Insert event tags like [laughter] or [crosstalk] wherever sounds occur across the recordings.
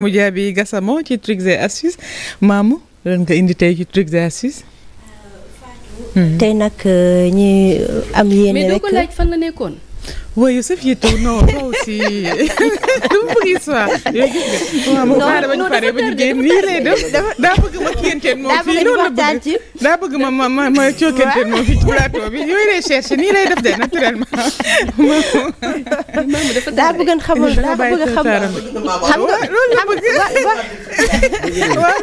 mu Moudiaby Gassama ci Trucs et Astuces maamu lan ko indi tey ci Trucs tey nag euh, ñi am yéene rek fan la nekkoon. waaye sa fiyetoo non non aussi lu mu bëgg histoire. non non dafa tër de dafa daa bëgg ma kiyanteen moom fii loolu la bëgg daa bëgg ma ma ma ma cookanteen moom fii ci plateau bi yooyu lay cherché nii lay def de naturellement. daa bëgg xamul daa bëgg xam xam nga loolu la bëgg [laughs] waaw wax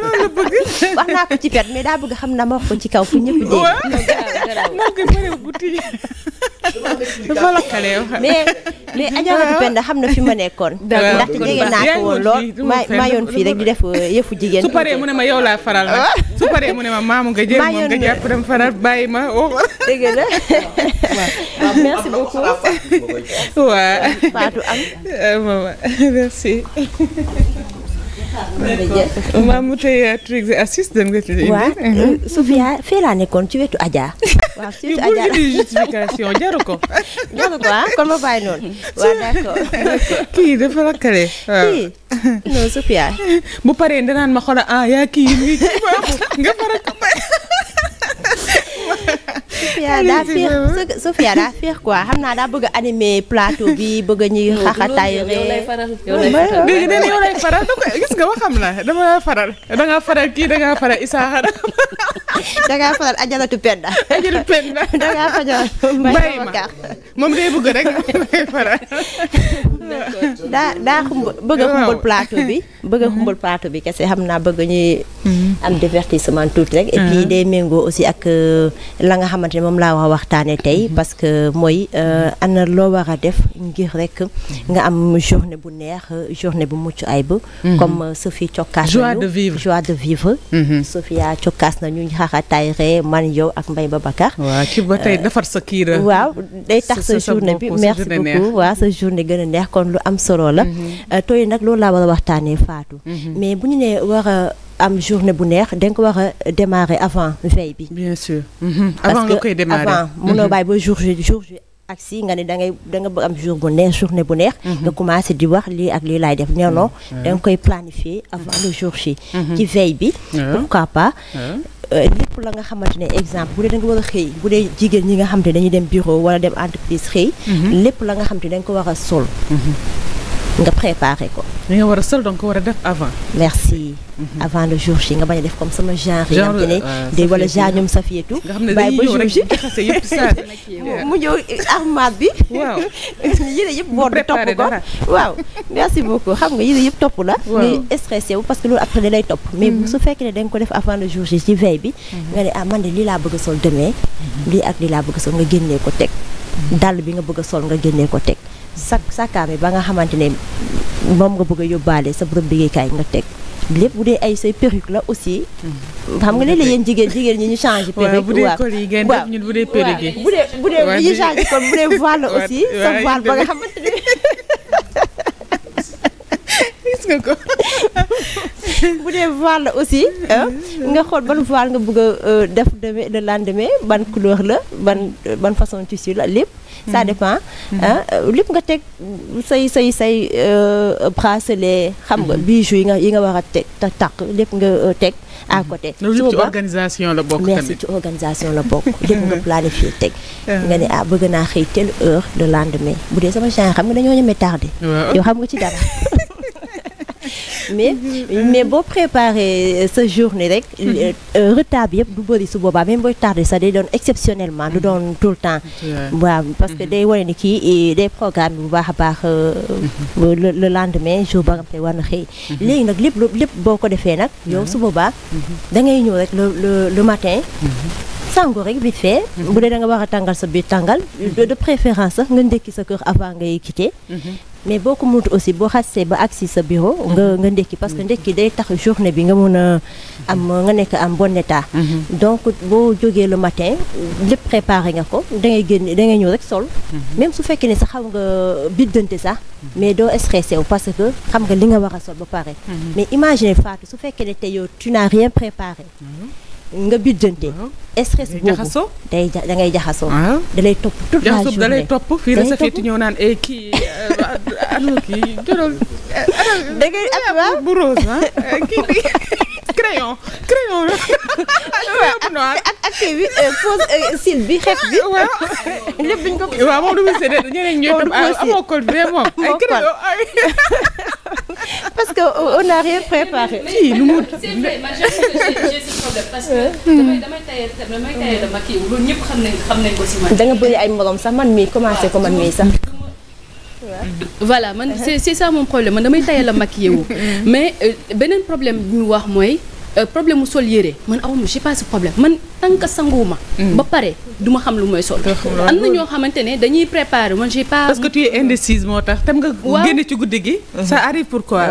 ko ci pet mais daa bëgg xam na ma wax ko ci kaw fu ñëpp dégg. waaw dafa lakkale yow mais mais Adja xam na fi ma nekkoon. ndaxte jege naa ko woon lool maa maa yoon fii rek di def euh, yëfu jigéen. su paree mu ne ma yow laa faral nag ah. su paree mu ne ma maamu nga jël moom nga jàpp dem faral bàyyi ma woo. dëgg la merci beaucoup. waaw Fatou am. [laughs] Euh, merci. [laughs] maam mu tey Trix Assis dem nga ci indi. [laughs] waaw [laughs] [laughs] Sofia ci wetu Adja. waaw ci wetu Adja justification jaru ko. jaru ko ah kon ma bàyyi kii dafa rakkale. kii non Sofia. bu paree danaan ma xool ah yaa kii yi nga faral ko Sofia daa fiir Sofia daa xam naa daa bëgg a animer plateau bi bëgg a ñuy da ko da ngaa faral kii da ngaa faral [laughs] [laughs] bëgg rek [laughs] plateau bi bëgg a xumbal plateau bi kese xam naa bëgg ñuy mm-hmm. am divertissement tuuti rek et mm-hmm. puis day méngoo aussi ak euh, la nga xam xamante ne moom laa wax a waxtaanee mhm. parce que mooy euh, ana loo war a def ngir rek nga am journée bu neex journée bu mucc ayib. Mhm. comme euh, Sophie cokkaas joie de vivre joie de vivre. Mhm. Sophia cokkaas nañu ñu xaxataay ree man yow ak Mbaye Babacar. waaw ci ba tey euh, sa waaw day tax sa journée bi merci beaucoup waaw sa journée gën a neex kon lu am solo la. tooy nag loolu laa war a waxtaanee faatu mais bu ñu nee war am journée bu neex da nga ko war a démarrer avant veille bi. bien mhm. koy démarrer parce que avant munoo mhm. bàyyi ba jour ji jour ji ak si nga ne da ngay da nga am jour bu neex bu neex. Mhm. nga commencé di wax lii ak lii laay def non non da koy planifier avant le jour ji. ci veille bi. pourquoi pas. Euh, lépp la nga xamante ne exemple bu dee da nga war a xëy bu dee jigéen ñi nga xam te dañuy dem bureau wala dem entreprise xëy. lépp la nga xam te dañ ko war a sol. nga préparé ko. li war a sol donc war a def avant. merci. Mhm. avant le jour ji nga bañ def comme sama genre. genre waaw ne euh, day wala genre ñoom nga xam ne dañuy ñëw rek jaxase [laughs] euh, [laughs] yëpp mu ñëw armaat bi. waaw yére yëpp boor bi topp ko. waaw merci beaucoup xam nga yére yëpp topp la. waaw nga stressé wu parce que loolu après da lay topp. mais bu mhm. su fekkee danga ko def avant le jour ji ci veille bi. Mhm. nga ne ah man de lii laa bëgg sol demee. lii ak li laa bëgg a sol nga génnee ko teg. dàll bi nga bëgg sol nga génnee ko teg. sa sa kaabe ba nga xamante ne moom nga bëgg a yóbbaale sa bërëb liggéeykaay nga teg lépp bu dee ay say perruque la aussi. Mm. xam nga ne la yéen jigéen jigéen ñi ñu changé. perruque bu dee col yi ngeen def ñun bu dee perruque yi. bu dee bu bu dee voile la [laughs] aussi. sa voile ba nga xamante ne. nga ko. [laughs] bu dee voile la aussi nga xool ban voile nga bëgg a euh, def de le lendemain ban couleur la ban euh, ban façon tissu la lépp. ça mm-hmm. dépend mm-hmm. euh, lépp nga teg say say say bracelet xam nga mm-hmm. bijoux yi nga yi nga war a teg ta takk lépp nga teg à côté. loolu ci organisation la bokk tamit merci ci organisation la bokk. lépp nga planifié teg. nga ne ah bëgg naa xëy telle heure le lendemain bu dee sama genre xam nga dañoo ñemee tardé. yow xam nga ci dara. [laughs] mais mais boo préparé euh, sa journée rek. Mm-hmm. Euh, euh, retard bi yëpp du bëri su boobaa même booy tardé sax day doon exceptionnellement du doon tout le temps. waaw parce que mm-hmm. day wane ni kii day programme bu baax a baax mm-hmm. le lendemain jour ba nga xam te war na xëy. léegi nag lépp lépp boo ko defee nag yow su boobaa da ngay ñëw rek le le matin. sangu rek bi fait bu dee da nga war a tàngal sa biir tàngal de préférence sax nga ndékki sa kër avant ngay quitter mais boo ko mënut aussi boo xasee ba agsi sa bureau. nga mhm. nga ndekki parce que ndekki day tax journée bi nga mun a am nga nekk am bon état. Mhm. donc boo jógee le matin lépp préparé nga ko da ngay génn da ngay ñëw rek sol. Mhm. même su fekkee sa sax xaw nga biddante sax. mais doo stressé wu parce que xam nga li nga war a sol ba pare. mais imagine Fatou su fekkee ne tey yow tu n'as rien préparé. nga biddante ah. stress boobu day da ngay jaxasoo ah. dalay lay topp toute la journée da topp fii la sa féeti ñëw naan ay eh, kii eh, ano kii jëlal eh, da ah. bu rose [laughs] crayon crayon ak ak kii bi pose bi xef bi. lépp ko. waaw moom du muy séddee ñeneen ñooy parce que euh, on n'a préparé. kii nu mu. c'est parce que. damay hmm. damay tailleur damay tailleur bëri ay morom sax man mii commencé ko man mii sax. voilà man c'est c'est ça mon problème man damay tayal a maquillé wu [laughs] mais euh, beneen problème bi ñu wax mooy euh, problème mu sol yére man aw ma j'ai pas problème man tant que sanguwuma mm. ba pare du ma xam lu mooy sol am na ñoo xamante ne dañuy préparer man j'ai pas parce que tu tax tam nga génn ci guddi gi mm-hmm. ça arrive pourquoi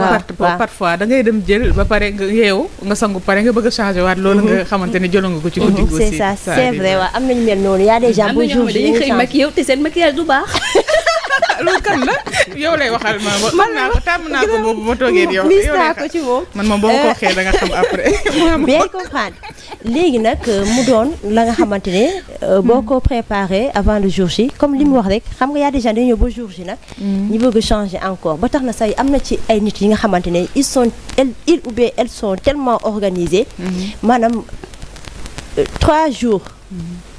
parfois da ngay dem jël ba pare nga yeewu nga sangu pare nga bëgg a changer waat loolu nga mm-hmm. xamante ne jëloon nga ko ci guddi gi mm-hmm. aussi c'est ça c'est mel noonu y a des gens bu dañuy xëy maquillé te seen maquillage du baax [laughs] loolu kan na yow lay waxal ma man naa ko naa ko boobu ma toogee yow mis naa ko ci moom man moom boo ko euh, waxee da nga xam après [laughs] bien comprendre léegi nag euh, mu doon la nga xamante ne euh, boo ko préparé avant le jour J comme li mu wax rek xam nga yaa déjà dañu ñëw ba jour J nag mm. ñu bëgg changer encore ba tax na say am na ci ay nit yi nga xamante ne ils sont ils ou bien elles sont tellement organisées mm-hmm. maanaam trois jours mm-hmm.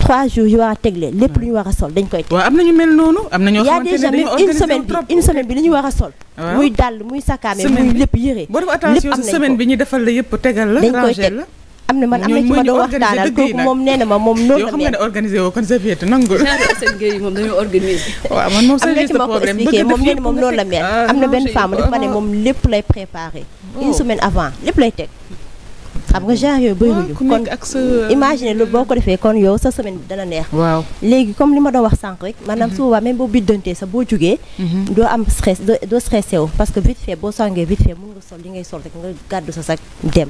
trois jours yu war a tegle lépp lu ñu war a sol dañ koy teg. waaw am na ñu mel noonu am na ñoo xamante ne une semaine bi une semaine bi ñu a sol. muy dàll muy sakkaame muy lépp yëre. defal la yëpp tegal la. dañ koy am na man ma doon waxtaanal moom nee moom noonu mel. [laughs] am na ah, benn femme ne moom lépp lay préparé. Oh. une semaine avant lépp lay teg xam nga genre yooyu ak kon imagine lu boo ko defee kon yow sa semaine bi dana neex waaw léegi comme li ma doo wax sànq rek maanaam mhm. souvent même boo biddantee sa boo jugee mhm. doo am stress doo stressé wu parce que vite fait boo sangee vite fait mun nga sol li ngay sol rek nga gàddu sa sac dem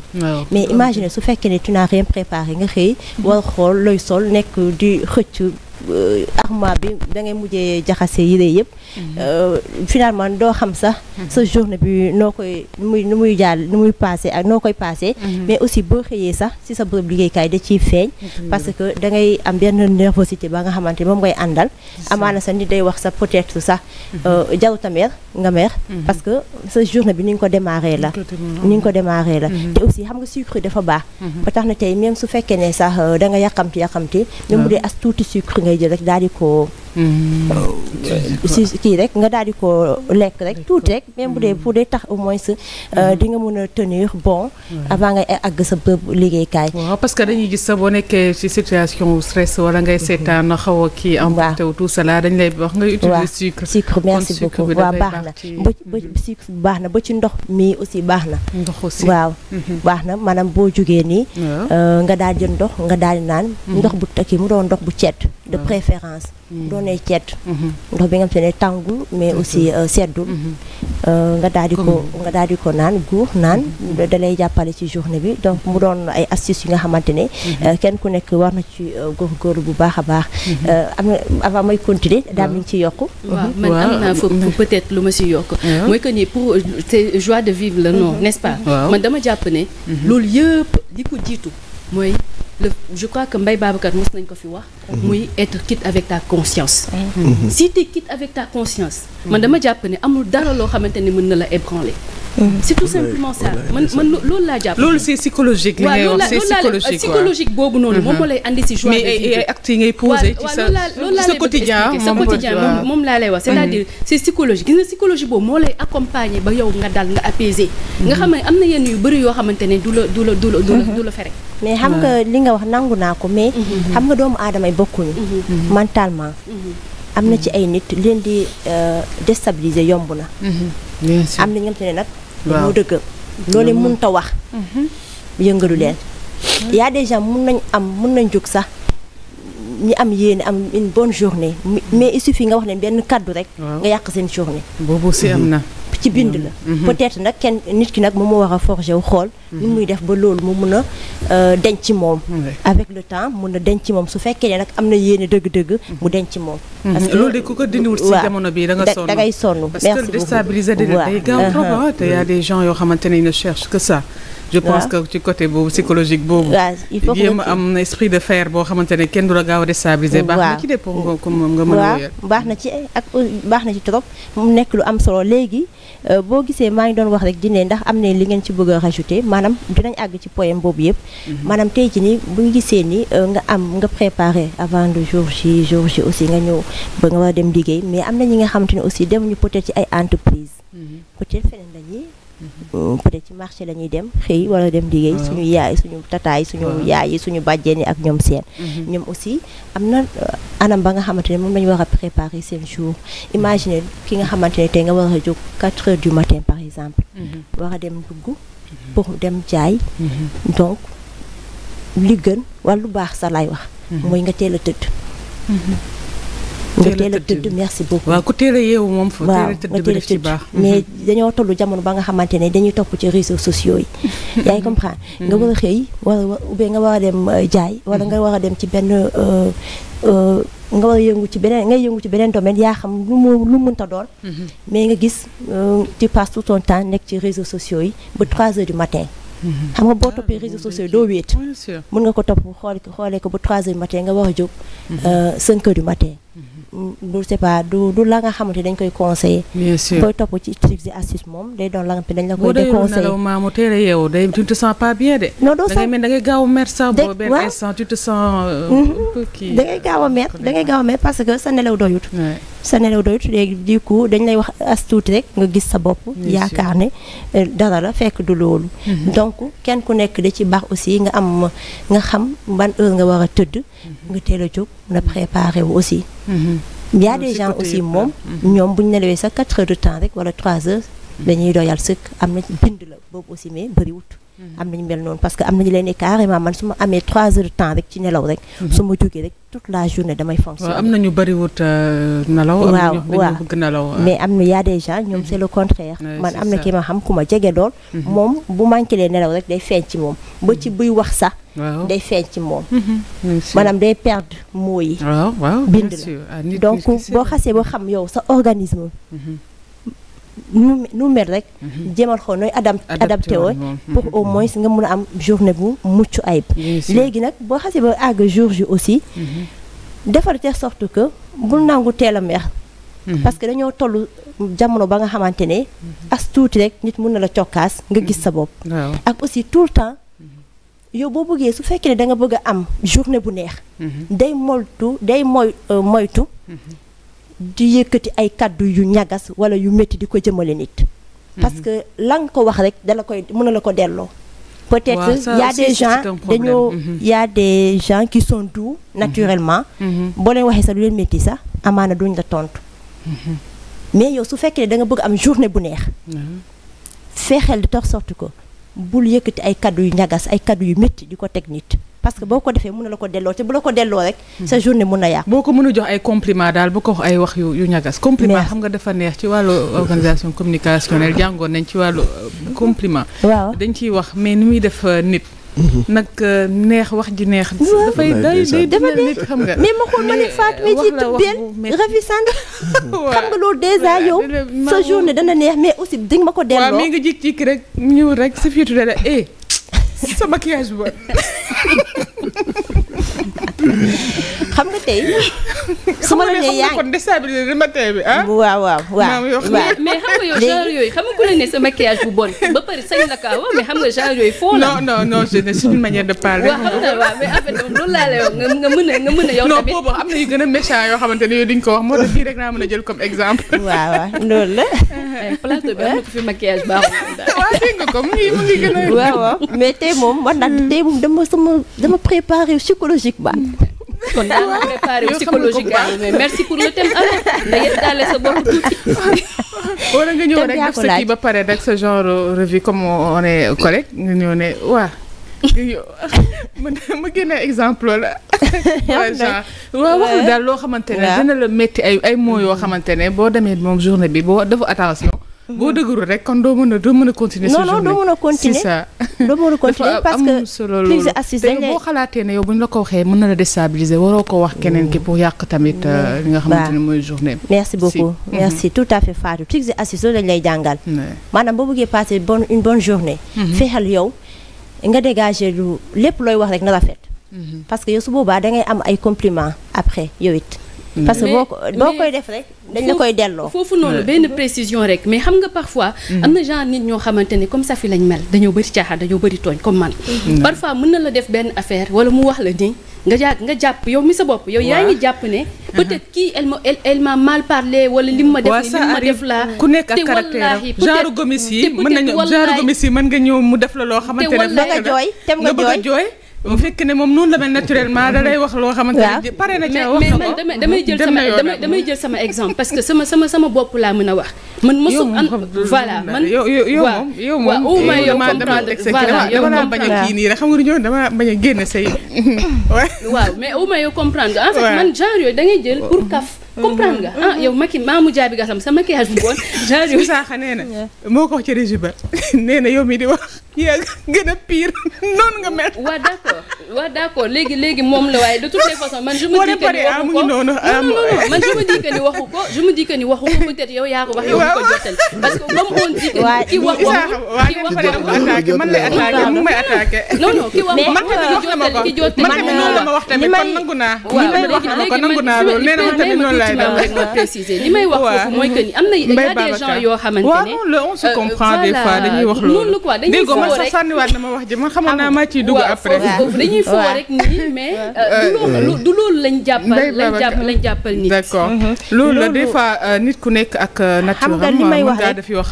mais imagine su fekkee ne tu n'as rien préparé nga xëy mhm. war xool looy sol nekk di xëcc euh, armoire bi da ngay mujjee jaxase yi yëpp Euh, finalement doo xam sax mhm. sa journée bi noo koy nu muy nu muy jàll nu muy passé ak noo koy passé mhm. mais aussi boo xëyee sax si sa bërëb liggéeykaay da ciy feeñ parce que da ngay am benn nervosité ba nga xamante moom ngay àndal amaana sa nit day wax sa peut-être sax mhm. euh, jaruta mer nga mer parce que sa journée bi ni nga ko démarré la ni nga ko démarré la te aussi xam nga sucre dafa baax ba tax na tey même su fekkee ne sax euh, danga nga yàqamti yàqamti même bu dee as tuuti sucre ngay jël rek daal di ko Mm-hmm. si kii rek nga daal di ko lekk rek tuuti rek même bu dee pour mm-hmm. dee tax au moins euh, mm-hmm. di nga mën a tenir bon avant ngay àgg sa bërëb liggéeykaay waaw parce que dañuy gis sa boo nekkee ci situation stress wala ngay seetaan xaw kii emporté wu tout cela dañ lay wax ngay utiliser sucre sucre merci beaucoup waaw baax na ba ba sucre baax na ba ci ndox mii aussi baax na ndox aussi waaw baax na maanaam boo jógee nii euh, nga daal jël ndox nga daal di naan ndox bu takki mu doon ndox bu ceet de préférence Mm-hmm. doonay ceet mm-hmm. ndox bi nga xam ne tàngul mais aussi euh, seddul mm-hmm. euh, nga daal di ko nga daal di ko naan guux naan da jàppale ci journée bi donc mu doon ay astuces yi nga xamante ne euh, kenn ku nekk war na ci góorgóorlu bu baax a baax am na avant may continuer daam li nga ci yokk peut-être lu ma si yokk ah mooy que ni pour c'est joie de vivre le nom n'est-ce pas man dama jàpp ne loolu yëpp li ko jiitu mooy le je crois que mbay Babacar mos nañ ko fi wax. Mhm. muy être quitte avec ta conscience. Mhm. si tu es avec ta conscience. man dama jàpp ne amul dara loo xamante ni mën na la ébranler. Mm. c'est tout simplement ça man man loolu laa jàpp. loolu c'est psychologique. li ngay wax c'est psychologique psychologique boobu noonu. Mm-hmm. moom moo lay andi si joie de vivre mais ay actes yi ngay posé. ci sa sa quotidien sa quotidien moom laa lay wax. c'est-à-dire mm-hmm. c'est psychologique gis nga psychologie boobu moo lay accompagner ba yow nga dal nga apaiser. nga mm-hmm. xam ne am na yenn yu bëri yoo xamante ne du la du la du la du la fere. mais xam nga li nga wax nangu naa ko mais. xam nga doomu aadama yi bokkuñu. mentalement. am na ci ay nit leen di euh, déstabiliser yomb na. bien mm-hmm. sûr am na ñoo xam ne nag. waaw moo dëgg. loolu mënut a wax. Mm-hmm. yëngalu leen. Mm-hmm. y a des mun nañ am mun nañ jóg sax ñi am yéene am une bonne journée mais il fi nga wax leen benn kàddu rek. nga yàq seen journée. boobu si am na. ci bind la mm-hmm. Mm-hmm. peut-être nag kenn nit ki nag moom moo war a forger wu xool ni mm-hmm. muy def ba loolu mu mun a euh, denc ci moom avec le temps mun a denc ci moom su fekkee ne nag am na yéene dëgg-dëgg mu denc ci moom parce que loolu de ku ko dindiwul si jamono bi da nga sonn da ngay sonn parce que déstabiliser day uh-huh. ah. des gens yoo xamante ne ils ne cherchent que je pense que ci côté boobu psychologique boobu. il faut que am esprit de fer boo xamante ne kenn du la gaaw a déstabiliser. baax na ci de pour comme nga mën baax na ci baax na ci trop mu nekk lu am solo léegi euh, boo gisee maa ngi doon wax rek dine ndax am na li ngeen ci bëgg a rajouter maanaam dinañ àgg ci poème boobu yëpp. Mhm. maanaam tey ci nii bu ñu gisee ni euh, nga am nga préparé avant le jour J jour J aussi nga ñëw ba nga war a dem liggéey mais am na ñi nga xamante ne aussi demuñu peut-être ci ay entreprise mhm. peut-être feneen lañuy Euh, peut ci marché la ñuy dem xëy wala dem liggéey suñu yaay suñu tataay suñu yaay yi suñu bàjjeen yi ak ñoom seen mhm. ñoom aussi am na euh, anam ba nga xamante ne moom la ñu war a préparer seen jour imagine ki nga xamante ne tey nga war a jóg 4 heures du matin par exemple mhm. war a dem dugg pour dem jaay mhm. donc li gën wala lu baax sa lay wax mooy nga teel a tëdd nga teel a tëdd merci beaucoup waaw ku teel moom fa waaw nga teel a tëdd mais dañoo toll jamono ba nga xamante ne dañuy topp ci réseaux sociaux yi [laughs] yaa ngi comprendre mm. nga war a xëy wala oubien nga war a dem euh, jaay wala nga war a dem ci benn euh, euh, nga war a yëngu ci beneen ngay yëngu ci beneen domaine yaa xam lu mu lu mënta doon mm-hmm. mais nga gis tu passes tout ton nekk ci réseaux sociaux yi ba 3 heures du mm-hmm. xam nga boo ah, toppee réseaux doo wéet mën nga ko topp xool xoolee ko ba 3 heures du matin nga war a jóg 5 mm-hmm. heures du matin du c'est pas du la nga xamante dañ koy conseiller. bien sûr booy ci moom day doon la a yeewu day tu te gaaw a mer sax. Euh, mhm. da gaaw a mer da gaaw a parce que sa nelaw doyut. sa nelew doyut léegi du coup dañ lay wax as tuuti rek nga gis sa bopp. yaakaar ne euh, dara la fekk du loolu. Mhm. donc kenn ku nekk da ci baax aussi nga am nga xam ban heure nga war a tëdd. Mhm. nga teel a jóg. nga préparé wu aussi. Mm-hmm. y a des aussi moom. Mm-hmm. ñoom bu ñu nelawee sax 4 heures de temps rek wala trois heures. Mm-hmm. dañuy doyal sëkk am na ci bind la boobu aussi mais bëriwut. am nañu mel noonu parce que am nañu leen ni man su ma amee trois heures de temps rek mhm. su ma jógee rek toute la journée damay fonctionner am nañu bariwut euh, nelaw waaw waaw bëgg nelaw mais am na y a des ñoom mhm. c'est le contraire man am na ki ma xam ku ma jege lool mhm. moom bu manqué lee nelaw rek day feeñ ci moom ba ci buy wax sax day feeñ ci moom maanaam day perdre mots yi bind la ah, donc boo xasee boo xam yow sa organisme nu nu mel rek. Mhm. jéemal xool nooy adam adapté woo mhm, mhm, pour au moins nga mun a am journée bu mucc ayib. léegi nag boo xasee ba àgg jour ji aussi. defar telle sorte que bul nangu teel a mer. parce que dañoo toll jamono ba nga xamante ne. as tuuti rek nit mun na la cokkaas nga gis sa bopp. ak aussi tout le temps. yow boo bëggee su fekkee ne da nga bëgg a am journée bu neex. day moytu day moy euh, moytu. di yëkkati ay kàddu yu ñagas wala yu métti di ko jëmale nit. Mhm. parce que la ko wax rek dala koy mën la ko delloo. peut-être y a des gens dañoo mhm. y a des gens qui sont doux naturellement. Mhm. boo leen waxee sax du leen métti sax amaana duñ la tontu. mais yow su fekkee da bëgg am journée bu neex. fexeel di tax sorti ko bul yëkkati ay kàddu yu ñagas ay kàddu yu métti di ko teg nit. parce que boo ko defee mun na la ko delloo te bu la ko delloo rek hmm. sa journée mun na yàq boo ko mën a jox ay compliment daal bu ko wax ay wax yu yu ñagas compliment xam nga dafa neex ci wàllu euh, organisation communicationnelle hmm. jàngoon wàllu euh, compliment waaw dañ ciy wax mais ni muy def euh, nit hmm. nag neex wax ji neex. dafay day day xam nga. mais ma xool ma ne Fatou mi ci tuddeel xam nga loolu dèjà yow. sa journée dana neex mais aussi dinga ma ko delloo. waaw mi nga jik jik rek ñëw rek sa fiitu de la [laughs] sa maquillage ba xam nga tey. su ma la nee yaa ngi kon déstabiliser bi ah. waaw waaw waaw mais xam nga yow genre yooyu xam nga ku la ne sa maquillage bu bon ba pare sañ la kaa mais xam nga genre yooyu foo la. non non non c'est une manière de parler. waaw xam nga mais après nga mën a nga mën a yow tamit. a yoo xamante ne yooyu duñ ko wax moo tax fii rek naa mën a jël comme exemple. waaw loolu la. Eh, plateau bi am na ko fi maquillage baaxul daal. ah dégg nga ko mu ngi mu ngi gën a. waaw waaw mais tey moom man nag tey moom dama sama dama préparé psychologiquement. kon merci pour le thème alors nga nga ñëw ba pare rek sa genre revue comme on est collègue nga ñëw ne waa. [laughs] ma génne exemple la. [laughs] waaw waxul daal loo xamante ne dina la métti ay ay mots yoo xamante ne boo demee moom journée bi boo defu attention. boo dëgërul rek doo mën a doo [laughs] doo mën a parce que crise assise dañ boo xalaatee ne yow bu ñu la ko waxee mën na la déstabiliser waroo ko wax keneen ki pour yàq tamit. Euh, mm. li nga xamante ne mooy journée merci beaucoup mm-hmm. merci tout à fait Fatou crise assise loolu lañ maanaam boo bëggee passer bonne une bonne journée. Mm-hmm. fexeel yow nga dégager lu lépp looy wax rek na rafet. Mm-hmm. parce que yow su boobaa da am ay compliments après yow it. Mm. parce que boo ko boo koy def rek dañ la koy delloo. foofu noonu benn mm. précision rek mais xam nga parfois. Mm. am na genre nit ñoo xamante ne comme ça fi lañ mel dañoo bëri caaxaan dañoo bëri tooñ comme man. parfois mën na la def benn affaire wala mu wax la ni nga ja nga jàpp yow mi sa bopp. yow yaa ngi jàpp ne. Mm-hmm. peut-être kii elle ma elle m'a mal parlé wala lim ma def. waaw ku nekk ak caractère genre gomis yi mën nañu genre gomis yi mën nga ñëw mu def la loo xamante ne. te wallaahi nga bëgg a jooy bu fekkee ne moom noonu la mel naturellement da lay wax loo xamante ne pare na ca damay jël sama exemple parce que sama sama sama bopp laa mën a wax. man mosu an voilà man yow yow moom yow moom eh, yow comprendre voilà dama bañ a kii nii rek xam nga ñoo dama bañ a génn say. [laughs] waaw mais au moins comprendre en fait man genre yooyu da ngay jël pour kaf. comprendre nga mm-hmm. ah yow maki maamu jaabi gasam sa maquillage bu bon. jaajëf saaxa nee moo ko wax ci régie [laughs] yow mi di wax. yaa gën a pire [laughs] noonu nga mel. waaw d' accord waaw d' accord léegi léegi moom la waaye da toutes les façons man. je me dis que ni ah, waxu ko ah, non non man je me dis que ni waxu ko je me dis que ni waxu ko peut être yow yaa ko wax yow ko jotal parce que comme on dit que ki wax man lay attaqué mu may attaqué. ki wax man tamit wax na man tamit noonu la ma wax tamit kon nangu laay def rek ma préciser li may wax foofu mooy que am na y a des gens yoo xamante ne on se euh, comprend des fois dañuy wax loolu quoi dañuy foo wax ji man naa ah maa ciy dugg après foofu dañuy foo rek nii mais euh, du loolu euh, du loolu lañ jàppal lañ jàpp lañ jàppal nit d'accord mhm. loolu la des fois nit ku nekk ak nature am daa def yoo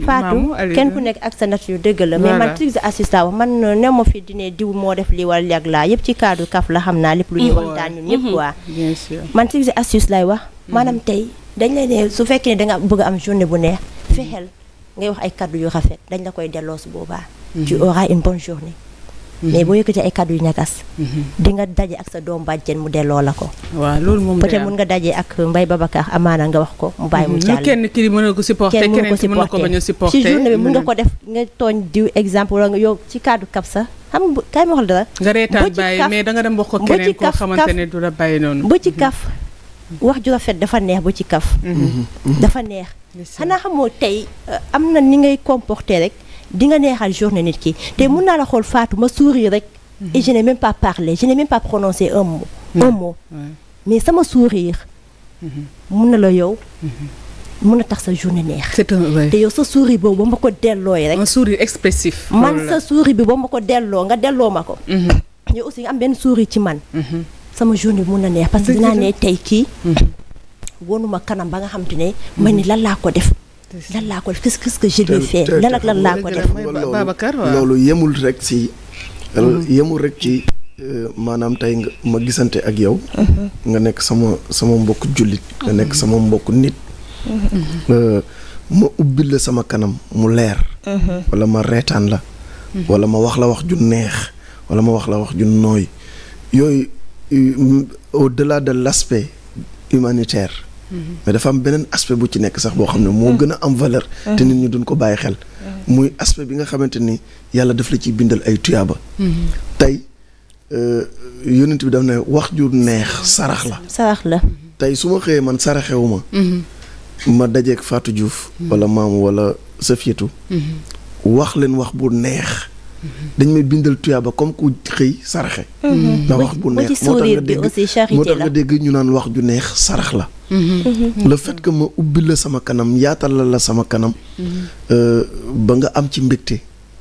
Fatou kenn ku nekk ak sa nature dëgg la mais man tricc assistant wax man euh, ne ma fi dine diw moo def li wala yàgg yëpp ci cadre kaf la xam naa lépp lu ñuy mhm. waxtaan ñun ñëpp waa mhm. bien sûr man tricc astuce lay wax mhm. maanaam tey dañ la ne su fekkee ne da nga bëgg am journée bu neex fexeel ngay wax ay kaddu yu rafet dañ la koy delloo su boobaa tu auras une bonne journée Mhm. mais boo yëkkati ay kàddu yu ñagas mhm. di nga daje ak sa doom bàjjen mu delloo la ko waaw loolu moom peut-être mun nga daje ak Mbaye Babacar amaana nga wax ko mu bàyyi mu mhm. jàll kenn kii mën na ko supporter keneen mën na ko bañ a supporter ci journée bi mun nga ko def nga tooñ diw exemple wala nga yow ci kàddu kap sa xam nga kaay ma wax la dara nga reetaan bàyyi mais da nga dem wax ko keneen koo xamante ne du la bàyyi noonu ba ci kaf wax ju fet dafa neex ba ci kaf dafa neex xanaa xamoo tey euh, am na ni ngay comporter rek di nga neexal journée nit ki te mun naa la xool faatu ma sourire rek et je n'ai même pas parlé je n'ai même pas prononcé un mot mais sama sourire mm-hmm. mun na la yow mën mm-hmm. a tax sa journée neex. c'est un te yow sa sourire boobu ba ma ko dellooy rek. un sourire expressif. man sa sourire bi ba ma ko delloo nga delloo ma ko. Mm-hmm. yow aussi nga am benn sourire ci man. sama journée mun na neex parce que dinaa ne tey kii. wonuma kanam ba nga xam te ne. ma ni lan laa ko def. lan ko qu'est-ce que je vais faire lan ak lan laa ko def Babacar loolu yemul rek ci mm-hmm. yemul rek ci euh, maanaam tey nga ma gisante ak yow mm-hmm. nga nekk sama sama mbokk jullit nga mm-hmm. nekk sama mbokk nit euh, ma ubbil la sama kanam mu leer wala ma reetaan la wala ma wax la wax ju neex wala ma wax la wax ju nooy yooyu euh, au delà de l'aspect Mm-hmm. mais dafa am beneen aspect bu ci nekk sax boo xam ne moo mm-hmm. gën a am valeur mm-hmm. te nit ñi duñ ko bàyyi xel muy aspect bi nga xamante ni yàlla daf la ciy bindal ay tuyaaba tey euh, yonent bi daf ne wax ju neex sarax la sarax la tey su ma xëyee man saraxewuma ma dajeeg Fatou Diouf wala maam wala Safietou wax leen wax bu neex dañ may bindal tuyaaba comme ku xëy saraxe. Mm-hmm. na wax bu neex moo tax nga dégg ñu naan wax ju neex sarax la. Mm-hmm. le fait que ma ubbi la sama kanam yaatal la la sama kanam. Mm-hmm. Euh, ba nga am ci mbégte.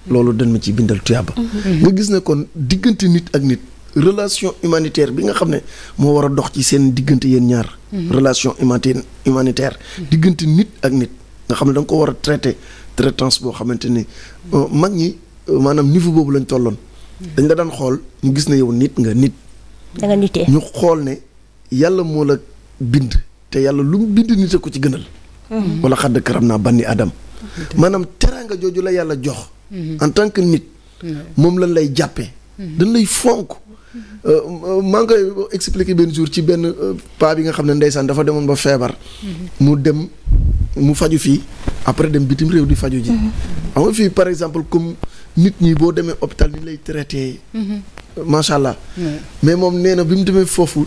loolu dañ ma ci bindal tuyaaba. nga gis ne kon diggante nit ak nit. relation humanitaire bi nga xam ne moo war a dox ci seen diggante yéen ñaar. relation humanitaire. diggante nit ak nit nga xam ne da ko war a traité traitance boo xamante ni euh, mag ñi. maanaam niveau boobu lañ tolloon. dañ la daan xool ñu gis na yow nit nga nit. da ñu xool ne yàlla moo la bind te yàlla lu mu bind nite ko ci gënal. Mhm. wala xadd karam naa banni adam mhm. maanaam teraanga jooju la yàlla jox. Mhm. en tant que nit. moom lañ lay jàppee. dañ lay fonk. Euh, maa ngi koy expliquer benn jour ci benn euh, paa bi nga xam ne ndeysaan dafa demoon ba feebar. mu dem mu faju fii après dem bitim réew di faju ji. xam fii par exemple comme. nit ñi boo demee hôpital ni lay traité. Mm-hmm. macha allah. mais moom nee na bi mu demee foofu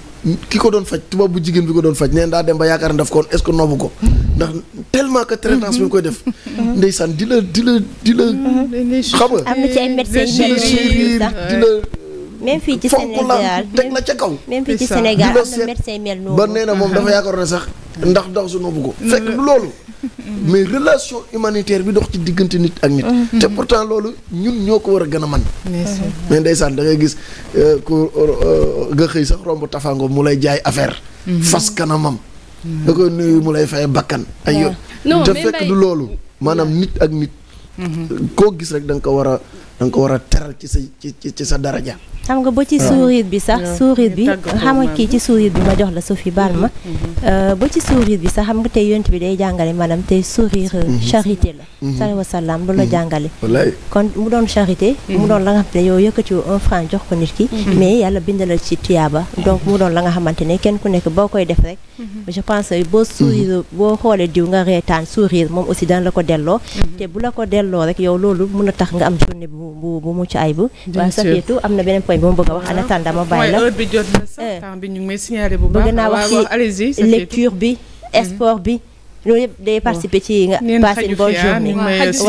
ki ko doon faj tubaab bu jigéen bi ko doon faj nee daa dem ba yaakaar ne daf ko est-ce ko. ndax tellement que traitance bi ñu koy def. Mm-hmm. ndeysaan di la di la di la. Mm-hmm. xam nga am na ci ay médecins di la sourire di la. même fii ca kaw. même fii ci Sénégal am na médecin mel noonu ba nee na moom dafa yaakaar ne sax. ndax ndax su noobu ko. fekk loolu. [laughs] mais relation humanitaire bi dox ci diggante nit ak nit. Mm-hmm. te pourtant loolu ñun ñoo ko war a gën a mën. Mm-hmm. mais ndeysaan da ngay gis euh, ku euh, euh, nga xëy sax romb tafaango mu lay jaay affaire. Mm-hmm. fas kanamam. nga koy nuyu mu lay fay bakkan. ay yoon te fekk du loolu maanaam nit ak nit. koo gis rek da nga ko war a. da nga ko war a teral ci sa ci ci sa daraja. xam nga ba ci sourire bi sax sourire bi xam nga kii ci sourire bi ma jox la Sophie baal ma mm-hmm. Mm-hmm. Euh, ba ci sourire bi sax xam nga tey yont bi day jàngale maanaam tey sourire mm-hmm. charité la sallallahu alayhi wa sallam loolu la jàngale kon mu doon charité mu doon la nga xamante ne yow yëkkati un franc ko nit ki mais yàlla bindalal ci tiyaaba donc mu doon la nga xamante ne kenn ku nekk boo koy def rek je pense boo sourire boo xoolee diw nga reetaan sourire moom aussi dana la ko delloo te bu la ko delloo rek yow loolu mun a tax nga am journée bu bu bu mucc ayib. bien sûr waaw Safiatou am na beneen point bi ma bëgg a wax. en attendant dama bàyyi la euh, bëgg naa wax lecture bi mhm. sport bi. ñoo yëpp day participer ci nga passé ah, li mu wax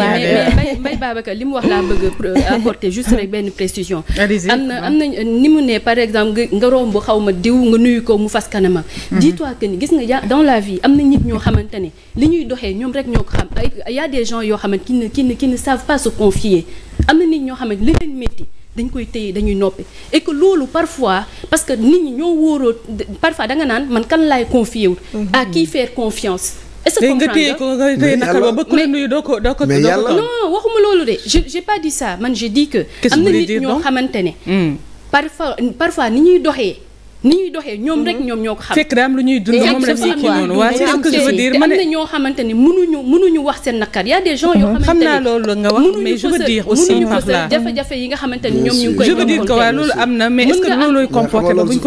laa bëgg euh, apporter juste rek benn précision am na am na ni mu ne par exemple nga romb xaw ma diw nga nuyu ko mu fas kanamam mhm. dis-toi que ni gis nga dans la vie am na nit ñoo xamante ne li ñuy doxee ñoom rek ñoo ko xam y a yoo xamante qui ne qui ne qui ne savent pas se confier am na nit ñoo xamante li leen métti dañ koy téye dañuy noppi et que loolu parfois parce que nit ñi ñoo wóoroo parfois da nga naan man kan laay confier wul mhm. à qui faire confiance est-ce que nga téye ko nga téye naka ba ku la nuyu doo ko doo ko. mais yàlla non waxuma loolu de je pas dit ça man je dis que. am na nit ñoo xamante ne. Hmm. parfois parfois ni ñuy doxee. ni ñuy doxee ñoom rek ñoom ñoo ko xam. fekk daam lu ñuy dund ne am na ñoo xamante ni mënuñu mënuñu wax seen nakar y a des gens yoo mhm. wax mais am ba ko nuyu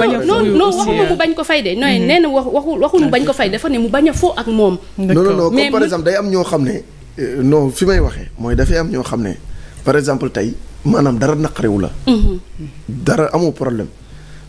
bañ mu euh, bañ ko fay de nooy mhm. nee na wax waxu waxuñu bañ ko dafa am ñoo xam ne euh, non fi may waxee mooy dafay am ñoo xam ne par exemple tey maanaam dara naqariwu la mhm. dara amoo problème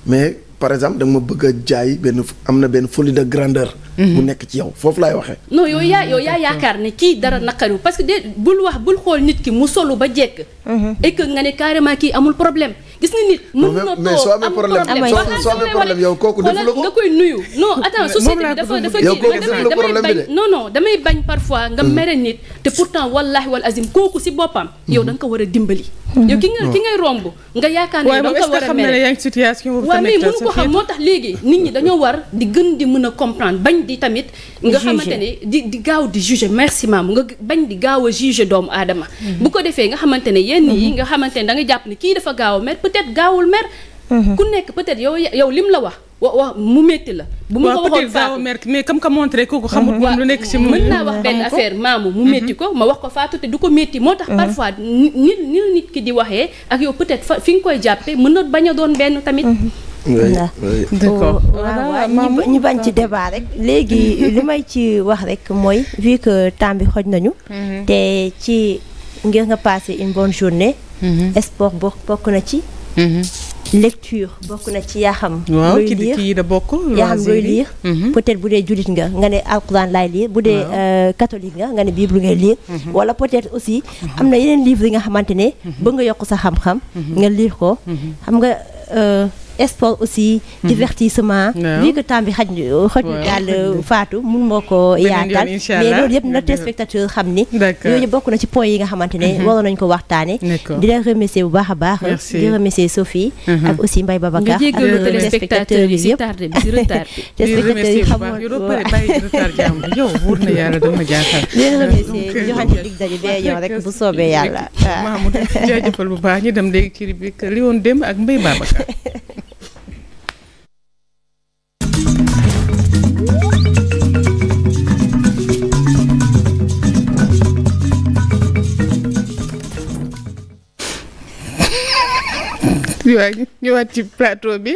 mais par exemple da nga ma bëgg a jaay benn am na benn folie de grandeur. bu mhm. nekk ci yow foofu laay waxee. non yow yaa yow yaa yaakaar ne kii dara naqariwul parce que de bul wax bul xool nit ki mu solu ba jekk. Mhm. et que nga ne carrément kii amul problème. gis nga nit. mën na toog am problème mais soo amee problème yow kooku defu la ko. nga koy nuyu non attends société bi dafa dafa kii damay bañ non damay bañ parfois nga mm-hmm. mere nit te pourtant wallahi wal azim kooku si boppam. yow mm-hmm. da ko war a dimbali. Mm-hmm. yow ki nga ki ngay romb nga yaakaar ne da ko war a mere moo tax léegi nit ñi dañoo war di gën di mën a di tamit nga xamante ne di di di juger merci maam nga di gaaw a juger doomu aadama bu ko defee nga xamante ne yenn yi nga xamante ne da nga jàpp ne kii dafa gaaw a mer peut gaawul mer. Mhm. ku nekk peut-être yow yow lim la wax. wa mu métti la. bu ma ko waxoon Fatou mais comme que montré kooku xamul mhm. moom lu nekk ci moom mën naa mu métti mhm. ko ma wax ko Fatou te du ko métti moo tax parfois ni ni nit ki di waxee ak yow peut-être fa fi nga koy jàppee mën na bañ a doon benn tamit. d'accord oh, waaw ñu bañ ci debaa rek léegi li may ci wax rek mooy vu que temps bi xoj nañu te ci ngir nga passer une bonne journée sport bokk na ci Mm-hmm. lecture bokk na ci yaa xam. waaw ki di kii da xam looy liir peut-être bu dee jullit nga nga ne alquran laay liir bu dee euh, catholique nga nga ne bible ngay liir. Mm-hmm. wala peut-être aussi mm-hmm. am na yeneen livre yi nga xamante ne. bëgg nga yokk sa xam-xam. nga liir ko xam nga. Euh, sport aussi mhm. divertissement vu que temps bi xaj xoj daal faatu mun moo ko yaatal mais loolu yëpp na téléspectateur xam ni yooyu bokk na ci point yi nga xamante ne mhm. waroon nañ ko waxtaane di la remercier bu baax a baax di remercier Sophie mhm. ak aussi Mbaye Babacar ak téléspectateur [laughs] yi yëpp téléspectateur yi xamoon yow wóor na ak Mbaye Babacar [laughs] waaw [laughs] ñu ñëwaat ci plateau bi